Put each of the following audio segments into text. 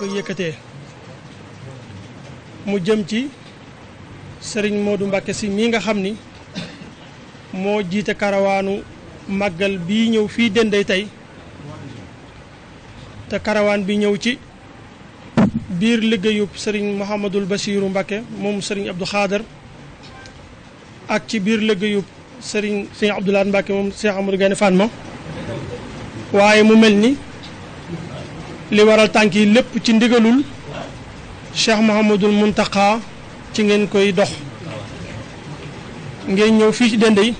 koy yëkkatee mu jëm ci sëriñ moodu Mbacke si mii nga xam ni moo jiite karawaanu màggal bi ñëw fii Dendey tey te karawaan bi ñëw ci biir liggéeyub sëriñ Mouhamadul Bassirou Mbacke moom sëriñ Abdou Khader ak ci biir liggéeyub sëriñ sëriñ Abdoulaye Mbacke moom Cheikh Amadou Gaïndé Fatma waaye mu mel ni li waral tànk yi lépp ci ndigalul Cheikh Mouhamadul Mountakha ci ngeen koy dox ngeen ñëw fii ci Dendeye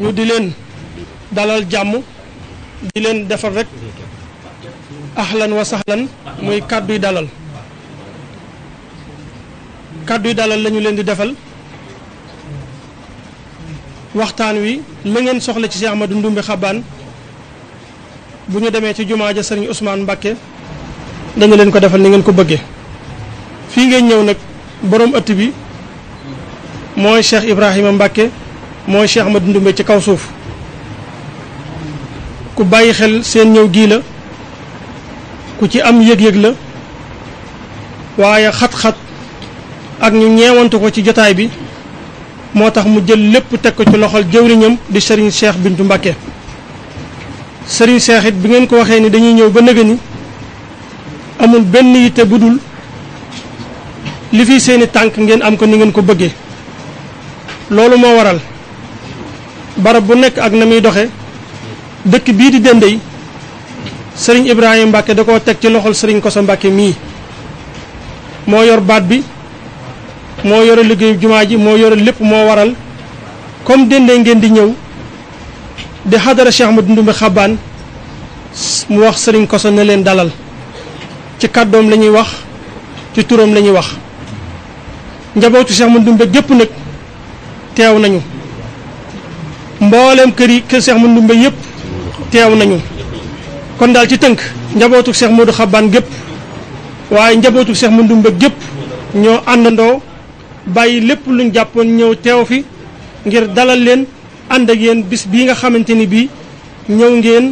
ñu di leen dalal jàmm di leen defal rek ahlan wa sahlan muy kàdduy dalal kàdduy dalal lañu leen di defal waxtaan wi la ngeen soxla ci Cheikh Ahmadou Ndoumbe xaban bu ñu demee ci jumaa ja sëriñ Ousmane Mbacke dañu leen ko defal ni ngeen ko bëggee fii ngeen ñëw nag boroom ëtt bi mooy Cheikh Ibrahima Mbacke mooy Cheikh ma Ndoumbé ci kaw suuf ku bàyyi xel seen ñëw gii la ku ci am yëg-yëg la waaye xat-xat ak ñu ñeewantu ko ci jotaay bi moo tax mu jël lépp teg ko ci loxol jëwriñam di sëriñ Cheikh Bintu Mbacke sëriñ Cheikh bi ngeen ko waxee ni dañuy ñëw ba nëga ni amul benn yitte bu dul li fi seeni tànk ngeen am ko ni ngeen ko bëggee loolu moo waral barab bu nekk ak na muy doxe dëkk bii di Dendey sëriñ Ibrahima Mbacke da ko teg ci loxol sëriñ Koso Mbacke mii moo yor baat bi moo yore liggéeyu jumaa ji moo yore lépp moo waral comme Dendey ngeen di ñëw di xadara Cheikh Ahmadou Ndoumbé Xabaan mu wax sëriñ Koso na leen dalal ci kàddoom la ñuy wax ci turam lañuy wax njabootu Cheikh Ahmadou Ndoumbé gépp nag teew nañu mbooleem kër yi kër Cheikh Ahmadou Ndoumbé yëpp teew nañu kon daal ci tënk njabootu Cheikh Modou Xabaan gépp waaye njabootu Cheikh Ahmadou Ndoumbé gépp ñoo àndandoo bàyyi lépp luñ jàppoon ñëw teew fi ngir dalal leen ànd ak yéen bis bii nga xamante ni bii ñëw ngeen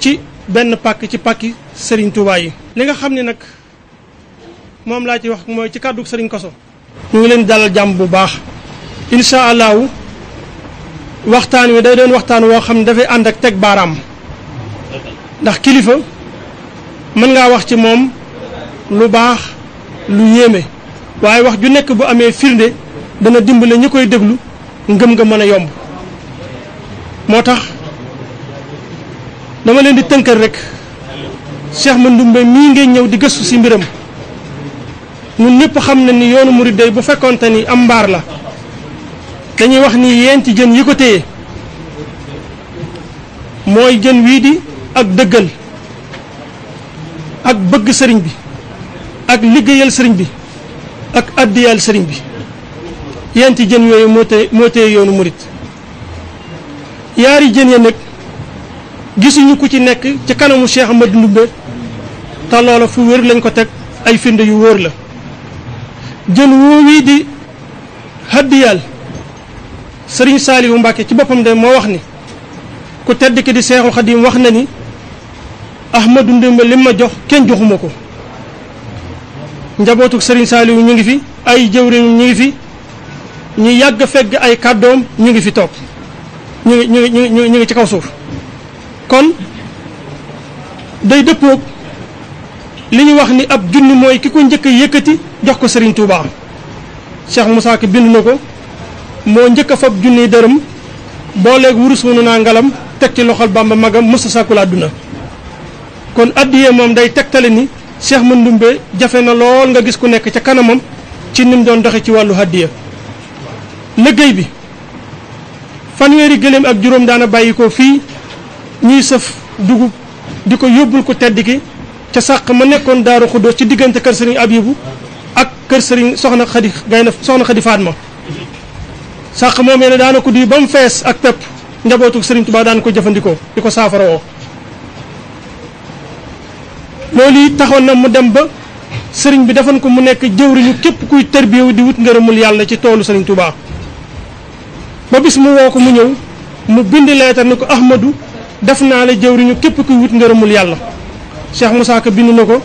ci benn pàkk ci pàkki sëriñ Touba yi. li nga xam ne nag moom laa ci wax mooy ci kàddu sëriñ Koso. ñu ngi leen dalal jàmm bu baax. incha allahu waxtaan wi day doon waxtaan woo xam ne dafay ànd ak teg baaraam ndax kilifa mën ngaa wax ci moom lu baax lu yéeme waaye wax ju nekk bu amee firnde dana dimbale ñi koy déglu. ngëm nga mën a yomb moo tax dama leen di tënkal rek Cheikh Mandoumbe mii ngay ñëw di gëstu si mbiram ñun ñëpp xam na ni yoonu murid day bu fekkonte ni am mbaar la dañuy wax ni yeen ci jën yi ko téye mooy jën wii di ak dëggal ak bëgg sëriñ bi ak liggéeyal sëriñ bi ak àddiyaal sëriñ bi yenti jën yooyu moo tee moo tee yoonu murit yaari jën ya nag gisuñu ku ci nekk ci kanamu Cheikh Ahmadou Ndoumbé te fu wér lañ ko teg ay find yu wóor la jën woowi di haddiyal sëriñ Saaliwu Mbàkke ci boppam de moo wax ni ku tedd ki di Seexul Xadim wax na ni Ahmadou Ndoumbé li ma jox kenn joxuma ko njabootu sëriñ Saaliwu ñu ngi fi ay jëwriñ ñu ngi fi ñu yàgg fegg ay kàddoom ñu ngi fi toog ñu ngi ñu ci kaw suuf kon day dëppoog li ñu wax ni ab junni mooy ki ko njëkk a jox ko sëriñ Touba Cheikh Moussa Ka bind na ko moo njëkk a fab junni dërëm booleeg wurus wunu naa ngalam teg ci loxol ba magam mësta sàkkul àdduna kon addiyee moom day tegtale ni Cheikh Mandoumbe jafe na lool nga gis ku nekk ca kanamam ci nim doon doxe ci wàllu addiya liggéey bi fanweeri gëléem ak juróom daana bàyyi ko fii ñuy sëf dugub di ko yóbbul ko tedd ki ca sàq ma nekkoon daaru xuddoos ci diggante kër sëriñ abibu ak kër sëriñ soxna xadi gay na soxna xadi faat ma sàq ne daana ko duy ba mu fees ak pepp njabootu sëriñ tubaa daan ko jëfandikoo di ko saafara woo loolu yi taxoon na mu dem ba sëriñ bi defoon ko mu nekk jëwriñu képp kuy tërbiyewu di wut ngërëmul yàlla ci toolu sëriñ tubaa ba bis mu woo ko mu ñëw mu bind leetar ni ko ahmadu def naa la jëwriñu képp kuy wut ngërëmul yàlla Cheikh Moussa Ka bind na ko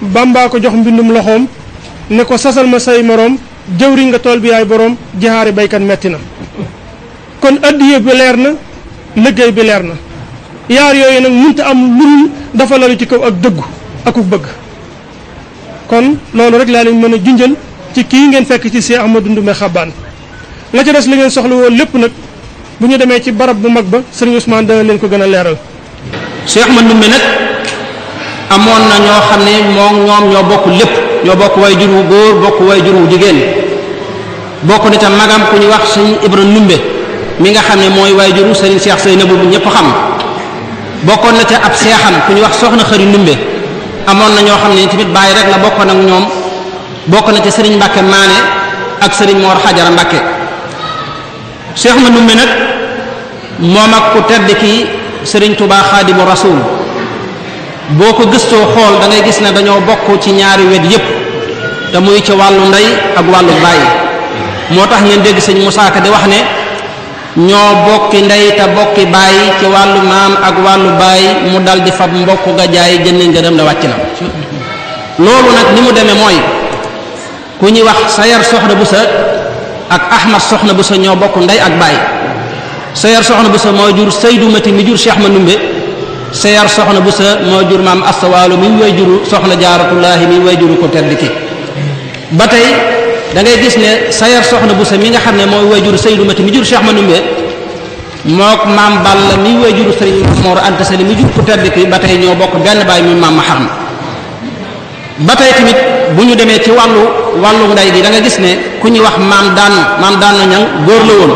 Bamba ko jox mbindum loxoom ne ko sasal ma say moroom jëwriñ nga tool bi yaay boroom jaxaari baykat metti na kon addiye bi leer na liggéey bi leer na yaar yooyu nag munta am lul dafa lalu ci kaw ak dëggu akuk bëgg kon loolu rek laa leen mën a junjal ci kii ngeen fekk ci Cheikh Ahmadou Ndoumbé Xabane la ca des li ngeen soxla woon lépp nag bu ñu demee ci barab bu mag ba sëriñ Ousmane dana leen ko gën a leeral. Cheikh ma Ndoumbé nag amoon na ñoo xam ne moom ñoom ñoo bokk lépp ñoo bokk way jur wu góor bokk way jur wu jigéen bokk na ca magam ku ñuy wax sëriñ Ibra Ndoumbé mi nga xam ne mooy way juru sëriñ Cheikh Seynabou bu ñëpp xam bokkoon na ca ab seexam ku ñuy wax soxna Xëri Ndoumbé amoon na ñoo xam ne tamit bàyyi rek la bokkoon ak ñoom bokk na ca sëriñ Mbacke Maane ak sëriñ Mor Xajara Mbacke. Cheikh ma Ndumbe nag moom ak ku tedd ki Serigne Touba Xaadimu Rasuul boo ko gëstoo xool dangay gis ne dañoo bokk ci ñaari wet yépp te muy ci wàllu ndey ak wàllu baay moo tax ngeen dégg sëñ Moussa Ka di wax ne ñoo bokki ndey te bokki baay ci wàllu maam ak wàllu baay mu dal di fab mbokk nga jaay jënd ngërëm la wàcc na loolu nag ni mu demee mooy ku ñuy wax sa yar soxna bu sa ak ahmad soxna bu sa ñoo bokk ndey ak baay sayar soxna bu sa moo jur saydu mati mi jur cheikh ma numbe sayar soxna bu sa moo jur maam astawaalu mi way juru soxna jaaratullaahi mi way juru ko tedd ki ba tey da ngay gis ne sayar soxna bu sa mi nga xam ne mooy way juru saydu mati mi jur cheikh ma numbe mook maam balla mi way juru sëriñ moor anta sali jur ko tedd ki ba tey ñoo bokk benn baay mi maam ma ba tey tamit bu ñu demee ci wàllu wàllu nday gi da nga gis ne ku ñuy wax maam daan maam daan na ñang góor la woon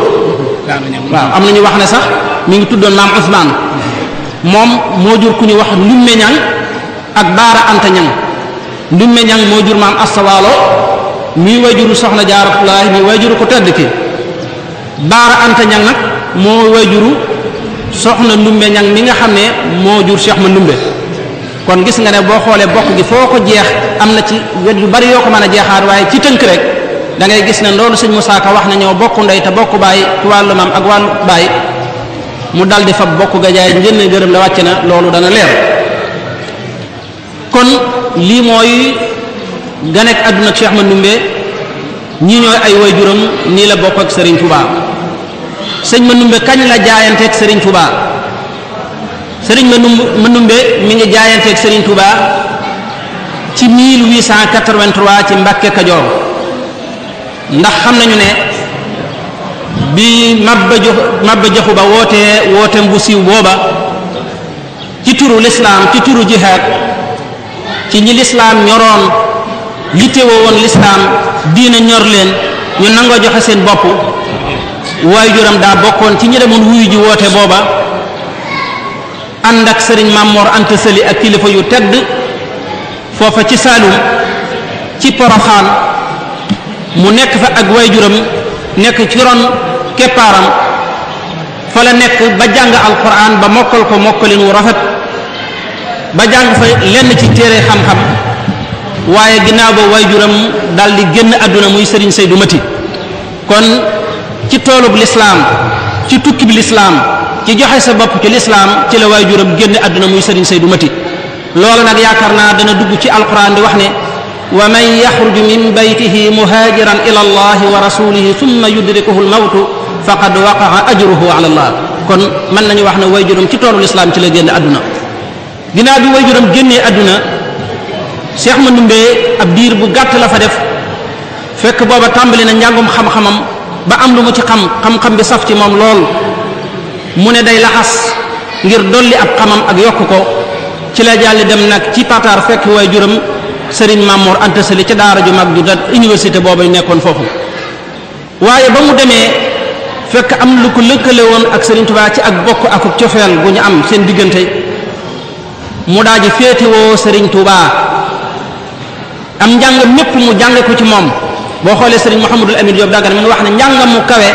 waaw am na ñu wax ne sax mu ngi tuddoon maam Ousmane moom moo jur ku ñuy wax ndumme ñang ak baara anta ñang ndumme ñang moo jur maam astawaalo mii way juru soxna jaaratulaay mii way juru ko tedd ki baara moo way juru soxna ndumme ñang mi nga xam ne moo jur Cheikh ma ndumbe kon gis nga ne boo xoolee bokk gi foo ko jeex am na ci wet yu bari yoo ko mën a jeexaat waaye ci tënk rek dangay gis ne ndoolu sëñ Musaa Ka wax na ñoo bokk ndey te bokku baay ci wàllu maam ak wàllu baay mu daldi fab bokk ga jaay njënd gërëm la wàcc na loolu dana leer kon lii mooy ganek àdduna ak Cheikh Mandoumbe ñii ñooy ay woy waajuram nii la bokk ak Serigne Touba sëñ Mandoumbe kañ la jaayanteeg sëriñ Touba. sëriñ Mandumbe mi ngi jaayanteeg sëriñ tubaa ci 1883 ci Mbàkke Kajoor ndax xam nañu ne bi Mabba Jaxu Ba wootee wooteem bu siiw booba ci turu lislaam ci turu jihaad ci ñi lislaam ñoroon yittewoo woon lislaam diina ñor leen ñu nangoo joxe seen bopp waaye juram daa bokkoon ci ñi demoon wuyu ji woote booba ànd ak sëriñ Mamor Anta ak kilifa yu tedd foofa ci Saalum ci Poroxaan mu nekk fa ak waajuram nekk ci ron keppaaram fa la nekk ba jàng alquran ba mokkal ko mokkalin wu rafet ba jàng fa lenn ci téere xam-xam waaye ginnaaw ba waajuram dal di génn àdduna muy sëriñ Seydou Mati kon ci toolub lislaam ci tukki lislaam ci joxe sa bopp ci lislaam ci la waajuram génn àdduna muy sëriñ Seydou Mati loolu nag yaakaar naa dana dugg ci alquran di wax ne wa man yaxruju min baytihi muhaajiran ila allah wa rasulihi summa yudrikuhu almawtu faqad waqaa ajruhu ala allah kon mën nañu wax ne waajuram ci toolu lislaam ci la génn àdduna dinaa bi waajuram génnee àdduna Cheikh Mandoumbe ab diir bu gàtt la fa def fekk booba tàmbali na njàngum xam-xamam ba am lu mu ci xam xam-xam bi saf ci moom lool mu ne day laxas ngir dolli ab xamam ak yokk ko ci la jàlli dem nag ci patar fekk waay juram sëriñ Mamoor Anta Sali ca daara ju mag ju da université booba nekkoon foofu waaye ba mu demee fekk am lu ko lëkkale woon ak sëriñ Tuubaa ci ak bokk ak cofeel gu ñu am seen diggante mu daa ji féetewoo sëriñ Tuubaa am njàng mépp mu jànge ko ci moom boo xoolee sëriñ Mouhamadul Amin Diop dagga ne mu wax ne njàng mu kawe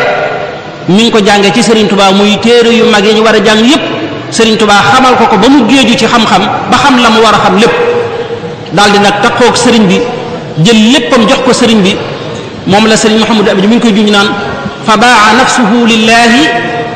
mi ko jàngee ci Serigne Touba muy téere yu mag yi ñu war a jàng yépp Serigne Touba xamal ko ko ba mu géeju ci xam-xam ba xam la mu war a xam lépp daal di nag takkook Serigne bi jël léppam jox ko sëriñ bi moom la Serigne Mouhamadou Abdi mi ngi koy junj naan fa baa nafsuhu lillahi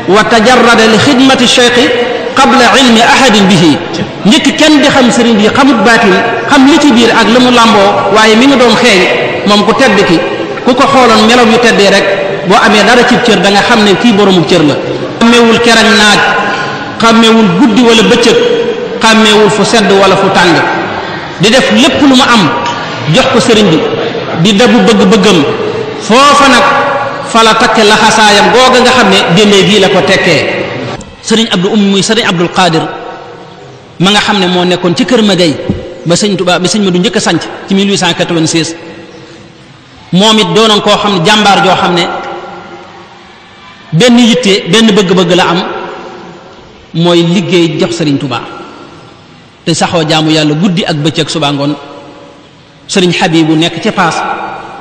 wa tajarrada li xidmati cheikhi qabla ilmi ahadin bihi njëkk kenn di xam Serigne bi xamut baatin xam li ci biir ak la mu làmboo waaye mi ngi doon xeeñ moom ku tedd ki ku ko xooloon melow yu teddee rek boo amee dara cib cër da nga xam ne kii boroomu cër la xàmmeewul kerak naaj xàmmeewul guddi wala bëccëg xàmmeewul fu sedd wala fu tàng di def lépp lu ma am jox ko sëriñ bi di dabu bëgg-bëggam foofa nag fa la takke laxasaayam googa nga xam ne déndee gii la ko tekkee sëriñ abdu um muy sëriñ abdul qadir ma nga xam ne moo nekkoon ci kër ma gay ba sëñ Tuubaa bi sëñ ma du njëkk a sanc ci 1896 moom it doonoon koo xam ne jàmbaar joo xam ne benn yitte benn bëgg-bëgg la am mooy liggéey jox sëriñ tubaa te saxoo jaamu yàlla guddi ak bëccëg suba ngoon sëriñ xabibu nekk ci paas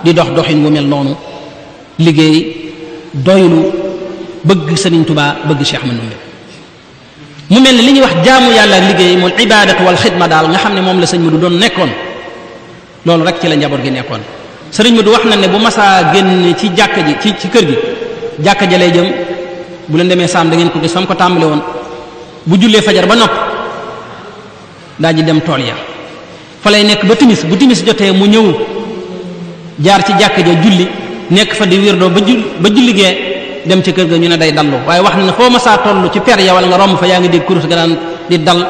di dox doxin wu mel noonu liggéey doylu bëgg sëriñ tubaa bëgg ma Ahmad mu mel ni li ñuy wax jaamu yàlla ak liggéey moom ibaadatu wal xidma daal nga xam ne moom la ma Madu doon nekkoon loolu rek ci la njaboot gi nekkoon sëriñ Madu wax na ne bu masaa génn ci jàkk ji ci kër gi jàkka ja lay jëm bu leen demee saam da ngeen ko gis fa mu ko tàmbale woon bu jullee fajar ba nopp daa ji dem tool ya fa lay nekk ba timis bu timis jotee mu ñëw jaar ci jàkka ja julli nekk fa di wirdoo ba ju ba julligee dem ci kër ga ñu ne day dallu waaye wax na ne foo ma saa toll ci per ya wala nga romb fa yaa ngi dégg kurus ga daan di dal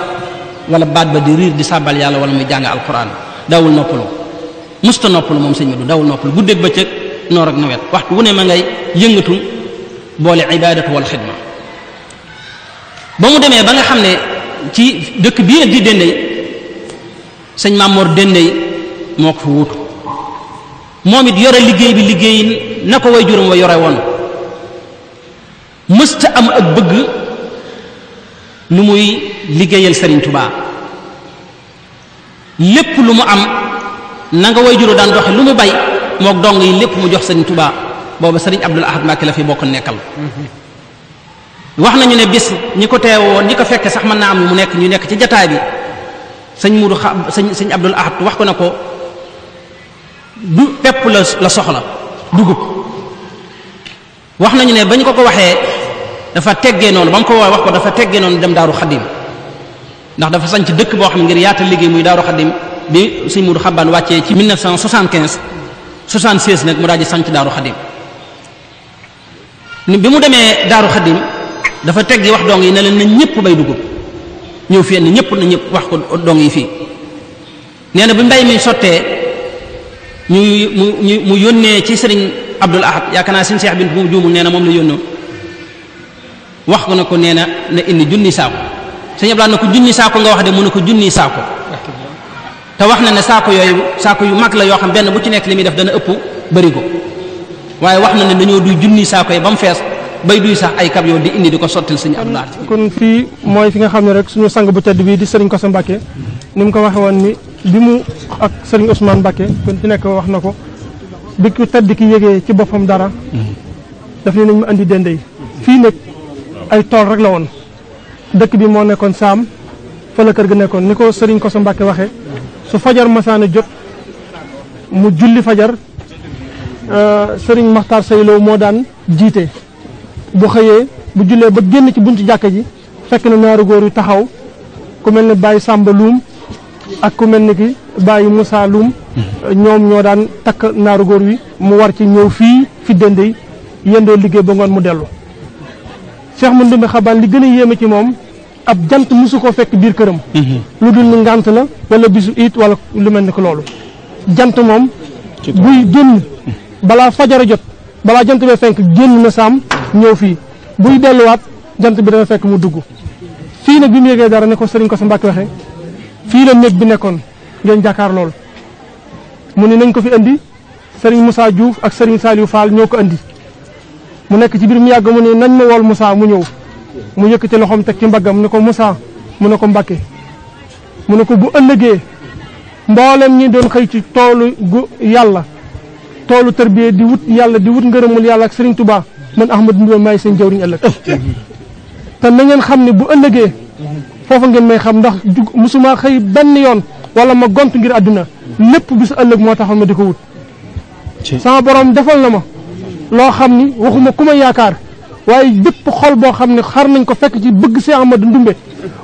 wala baat ba di riir di sàbbal yàlla wala muy jàng alquran dawul noppalu musta noppalu moom sëñ bi du dawul boole ibaadatu wal xidma ba mu demee ba nga xam ne ci dëkk bii nag di dendey sëñ Mamor dendey moo ko fi wuutu moom it yore liggéey bi liggéeyin na ko way juróom wa yore woon mësta am ak bëgg lu muy liggéeyal sëriñ Tubaa lépp lu mu am nanga nga way juró daan doxe lu mu bay moo dong yi lépp mu jox sëriñ Tubaa booba sëriñ Abdul Ahad Mbàkke la fi bokk nekkal wax nañu ne bis ñi ko woon ñi ko fekkee sax mën naa am mu nekk ñu nekk ci jataay bi sañ Mudu xam sëñ sëñ Abdul Ahad wax ko na ko du pepp la la soxla dugub wax nañu ne bañ ko ko waxee dafa teggee noonu ba mu ko wax ko dafa teggee noonu dem Daaru Xaddim ndax dafa sañ dëkk boo xam ne ngir yaatal liggéey muy Daaru Xaddim bi sëñ Mudu Xabaan wàccee ci 1975 76 nag mu daal di sañ ci Daaru Xaddim ni bi mu demee daaru xadim dafa teggi wax dong yi ne leen na ñëpp bay dugub ñëw fi yenn ñëpp na ñëpp wax ko dong yi fii nee na bu mbay mi sottee ñu mu mu yónnee ci sëriñ Abdul Ahad yaakaar naa sëriñ Seex bint mu juumul nee na moom la yónnoo wax ko na ko nee na na indi junni saako sëñ Abdul na ko junni saako nga wax de mu ne ko junni saako te wax na ne saako yooyu saako yu mag la yoo xam benn bu ci nekk li muy def dana ëpp bëri ko waaye wax na ne dañoo duy junni saako yi ba mu fees bay duy sax ay kab yoon di indi di ko sottil suñu ab laar kon fii mooy fi nga xam ne rek suñu sang bu tedd bii di sëriñ Kosso Mbacke ni mu ko waxee woon ni bi mu ak sëriñ Ousmane Mbacke kon nekk wax na ko bi ku ki yëgee ci boppam dara daf ne nañ mu indi dende fii nag ay tool rek la woon dëkk bi moo nekkoon saam fa la kër ga nekkoon ni ko sëriñ Kosso Mbacke waxee su fajar masaana jot mu julli fajar Euh, Serigne Makhtar Seyloo moo daan jiite bu xëyee bu jullee ba génn ci buntu jàkka ji fekk na ñaari góor yu taxaw ku mel ne Baye Samba Loum ak ku mel ni ki Baye Moussa Loum ñoom ñoo daan takk naaru góor wi mu war ci ñëw fii fi dëndee yendoo liggéey ba ngoon mu dellu Cheikh mu ndumbe xabaan li gën a yéeme ci moom ab jant mosu koo fekk biir këram mhm. lu dul ni ngànt la wala bisu it wala lu mel ni ko loolu jant moom buy génn balaa fajara jot balaa jant bee fenk génn na saam ñëw fii buy delluwaat jant bi dana fekk mu dugg fii nag bi mu yëgee dara ne ko sëriñ ko sa mbakk waxee fii la néeg bi nekkoon ngeen jàkkaar lool mu ne nañ ko fi indi sëriñ Moussa Diouf ak sëriñ Saliou Fall ñoo ko indi mu nekk ci biir mu yàgg mu ne nañ ma wol Moussa mu ñëw mu ci loxoom teg ci mbaggam ne ko Moussa mu ne ko Mbàkke mu ne ko bu ëllëgee mboolem ñi doon xëy ci toolu gu yàlla toolu tërbiye di wut yàlla di wut ngërëmul yàlla ak Serigne Touba man Ahmad Ndoye maay seen jawriñ ëllëg te na ngeen xam ne bu ëllëgee foofa ngeen may xam ndax jug musuma xëy benn yoon wala ma gont ngir àdduna lépp bi sa ëllëg moo tax ma di ko wut sama borom defal na ma loo xam ni waxuma ku ma yaakaar waaye bépp xol boo xam ne xar nañ ko fekk ci bëgg Cheikh Ahmadou Ndoumbé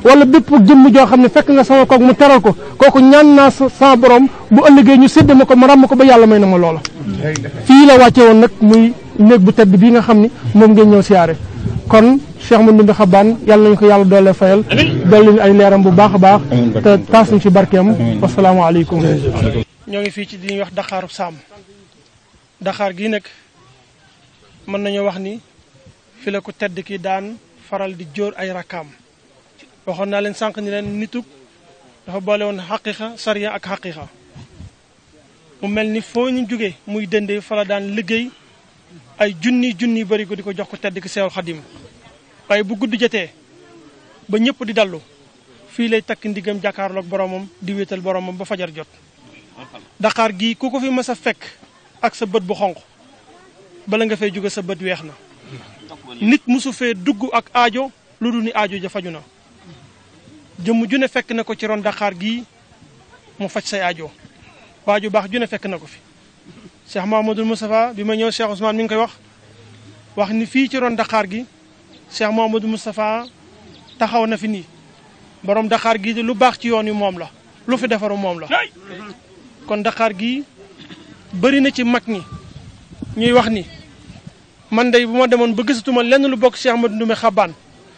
wala bépp jëmm joo xam ne fekk nga sama koog mu teral ko kooku ñaan naa sa boroom bu ëllëgee ñu sédd ma ko ma ràmm ko ba yàlla may na ma loola. fii la wàcce woon nag muy néeg bu tedd bii nga xam ni moom ngeen ñëw siyaare kon Cheikh Ahmadou Ndoumbé Xabane yàlla nañu ko yàlla doole fayal. dolli ñu ay leeram bu baax a baax. te taas ñu ci barkeem. wasalaamaaleykum. ñoo ngi fii ci li ñuy wax Daxaaru Saam gii nag mën nañoo wax ni fi la ko tedd ki daan faral di jóor ay rakkaam waxoon naa leen sànq ni leen nitug dafa boole woon xaqiqa sariya ak xaqiqa mu mel ni foo ñu jóge muy dënde fa la daan liggéey ay junni junni bari ko di ko jox ko tedd ki seewul xadim waaye bu gudd jotee ba ñëpp di dallu fii lay takk ndigam jàkkaarloog boromam di wéetal boromam ba fajar jot daqaar gi ku ko fi mës a fekk ak sa bët bu xonq bala nga fay jóge sa bët weex na nit musu fee dugg ak ajo lu dul ni ajo ja faju na jëmm ju ne fekk na ko ci ron daqaar gii mu faj say aajo waaju baax ju ne fekk na ko fi Cheikh Mouhamadul Moustapha bi ma ñëw Cheikh Ousmane mi ngi koy wax wax ni fii ci ron daqaar gi Cheikh Mouhamadul Moustapha taxaw na fi nii boroom Dakar gii de lu baax ci yoon yu moom la lu fi defaru moom la kon Dakar gii bëri na ci mag ñi ñuy wax ni man dey bu ma demoon ba gisatuma lenn lu bokk Cheikh Ahmadou Ndoumé Xabaan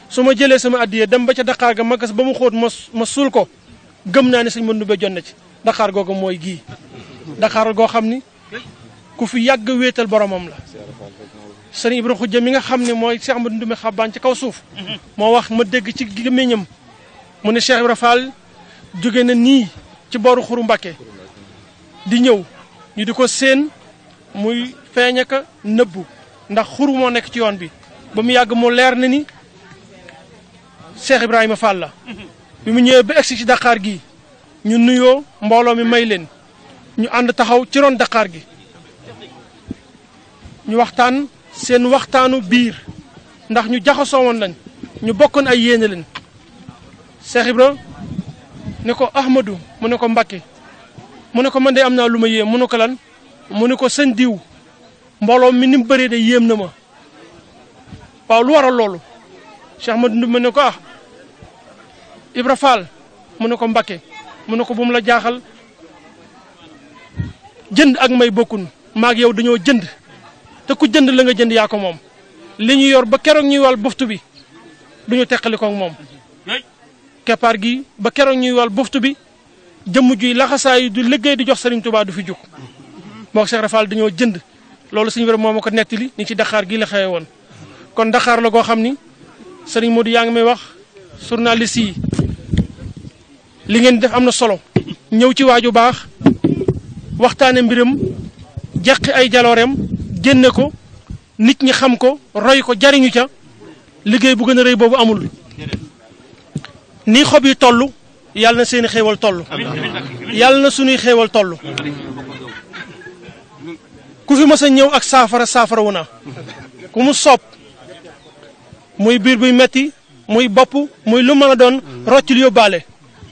su ma jëlee sama addiya dem ba ca daqaar ga magas ba mu xóot ma ma suul ko gëm naa ne sëñ Ahmadou Ndoumé jonn ci daqaar googu mooy gii daqaar goo xam ni ku fi yàgg wéetal boromam la sëñ Ibra Xujja mi nga xam ne mooy Cheikh Ahmadou Ndoumé Xabaan ci kaw suuf moo wax ma dégg ci gémmiñam mu ne Cheikh Ibra Fall jóge na nii ci booru xuru Mbàkke di ñëw ñu di ko séen muy feeñaka nëbbu ndax xur moo nekk ci yoon bi ba mu yàgg moo leer na ni Cheikh Ibrahima Fall la bi mu ñëwee ba egsi ci daqaar gi ñu nuyoo mbooloo mi may leen ñu ànd taxaw ci ron daqaar gi ñu waxtaan seen waxtaanu biir ndax ñu jaxasoo woon lañ ñu bokkoon ay yéene leen Cheikh Ibra ne ko Ahmadou mu ne ko Mbacké mu ne ko man de am naa lu ma yéem mu ne ko lan mu ne ko seen diw mbooloo mi ni mu bëree de yéem na ma waaw lu waral loolu Cheikh Ahmadou Ndoumbe ne ko ah Ibra Fall mu ne ko Mbakke mu ne ko bu la jaaxal jënd ak may bokkun maag yow dañoo jënd te ku jënd la nga jënd yaa ko moom li ñu yor ba keroog ñuy wal boftu bi du ñu teqali moom keppaar gi ba keroog ñuy wal boftu bi jëmm juy laxasaa yi du liggéey di jox Serigne Touba du fi jug moo Cheikh Ibra dañoo jënd loolu suñu borom moo ma ko nettali ni ci Dakar gii la xewe woon kon Dakar la koo xam ni sëriñ Modou yaa ngi may wax journaliste yi li ngeen def am na solo ñëw ci waaju baax waxtaane mbiram jàqi ay jalooreem jénne ko nit ñi xam ko roy ko jariñu ca liggéey bu gën a rëy boobu amul ni xob yi toll yàlla na seeni xewal tollu yàlla na suñuy xewal toll ku fi mës a ak saafara saafara wu na ku mu soob muy biir buy metti muy bopp muy lu mën a doon roccul yóbbaale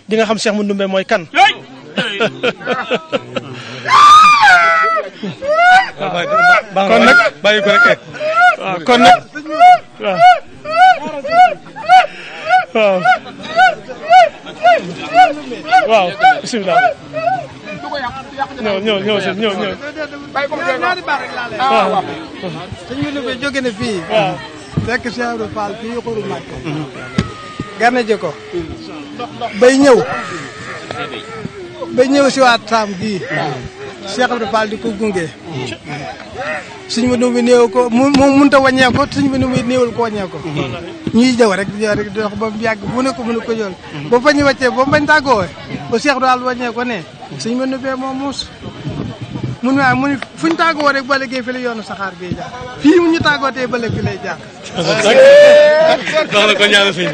di nga xam Cheikh Madoumbe mooy kan kon nag ko rek eh. kon nag waaw waaw waaw bisimilah ko yàq yàq ñëw ñëw ñëw si ñëw ñëw bàyyi ko mu ñaari baar rek laa lay ah, waaw suñu lubee jóge na fii fekk Cheikh Ibra Fall fii xuru màkk gane ji ko bay ñëw bay ñëw si waat saam gii Cheikh Ibra Fall di ko gunge suñ ma nu mu néew ko mu mënut a wàññee ko suñ ma nu muy néewul ko wàññee ko mhm. ñuy jëw rek di jëw rek di dox ba mu yàgg mu ne ko mu ne ko jël mhm. ba fa ñu wàccee ba mu bañ tàggoo ba seex daal wàññee ko ne suñ ma nubbee moom muus mun waaye mu ni fu ñu tàggoo rek ba yoonu saxaar gi jaar fii mu ñu tàggoo tey ba léegi fi lay jaar. dox na ko ñaanal sëñ